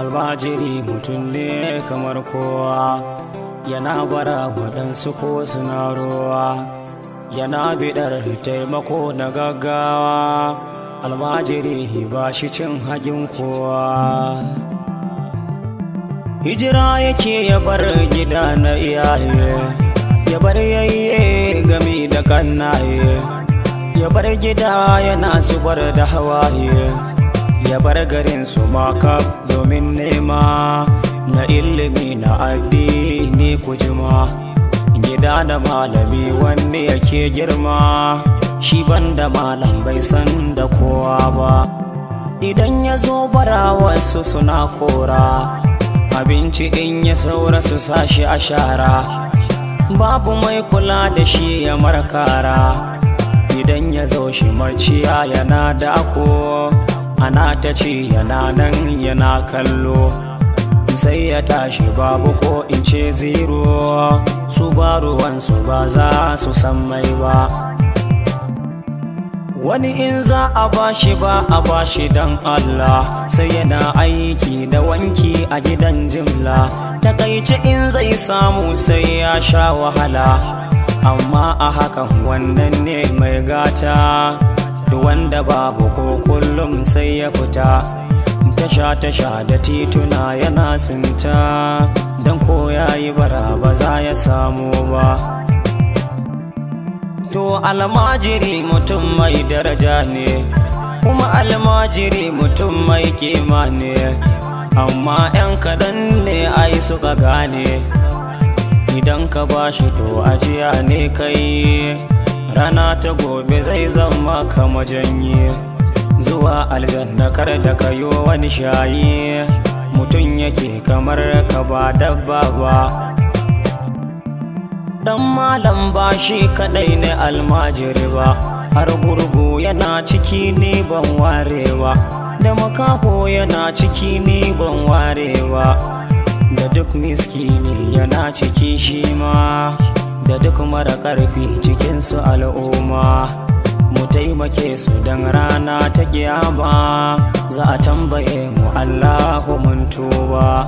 albajiri mutum ne kamar kowa yana bara waɗansu ko suna ruwa yana biɗar taimako na gaggawa almajiri ba shi cin haƙin kowa hijira yake ya bar gida na iyaye ya bar yayye gami da kannaye ya bar gida yana zubar da hawaye ya bar garin su maka domin nema na ilimi na addini ku jima gida da malami wanne yake girma shi ban da malam bai san da kowa ba idan ya zo bara wasu suna kora abinci in ya saura su sashi a shara babu mai kula da shi ya markara idan ya zo shi maciya yana dako ana ta ce yana nan yana kallo sai ya tashi babu ko in ce zero su ba ruwansu ba za su san mai ba wani in za a bashi ba a bashi don Allah sai yana aiki da wanki a gidan jimla kaice in zai samu sai ya sha wahala amma a hakan wannan ne mai gata wanda babu ko kullum sai ya fita tasha-tasha da tituna yana sinta don ko ya yi bara ba za ya samu ba to almajiri mutum mai daraja ne kuma almajiri mutum mai kima ne amma 'yan kaɗan ne ai suka gane idan ka bashi to ajiya ne kai rana ta gobe zai zama ka majanyi zuwa aljannakar kar da kayo wani shayi mutum yake kamar ka ba dabba ba dan malam ba shi kadai ne almajiri ba har gurgu yana ciki ne ban warewa da makaho yana ciki ne ban warewa da duk miskini yana ciki shi ma kuma da ƙarfi su al'umma mu taimake su don rana ta giyama za a tambaye mu allahu mun tuba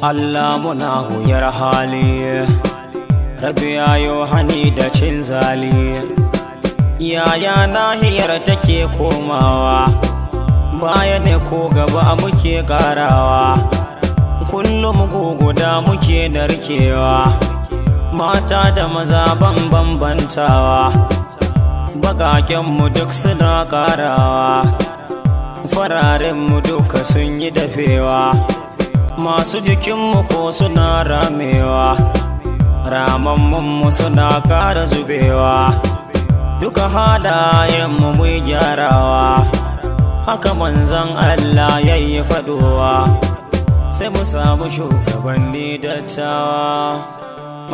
Allah muna huyar hali Rabi yohani hani da cin zali Yaya nahiyar take komawa Baya ne ko gaba muke karawa Kullum guguda muke narkewa Mata da maza ban bambantawa mu duk suna karawa mu duka sun yi dafewa masu jikinmu ko suna ramewa ramammanmu suna kara zubewa duka halayenmu mu gyarawa haka manzan Allah ya yi faɗowa sai mu samu shugabanni dattawa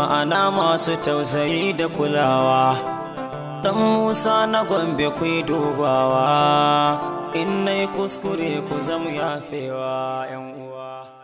ma'ana masu tausayi da kulawa Ɗan musa na gombe ku dubawa in na kuskure ku zamu yafewa 'yan uwa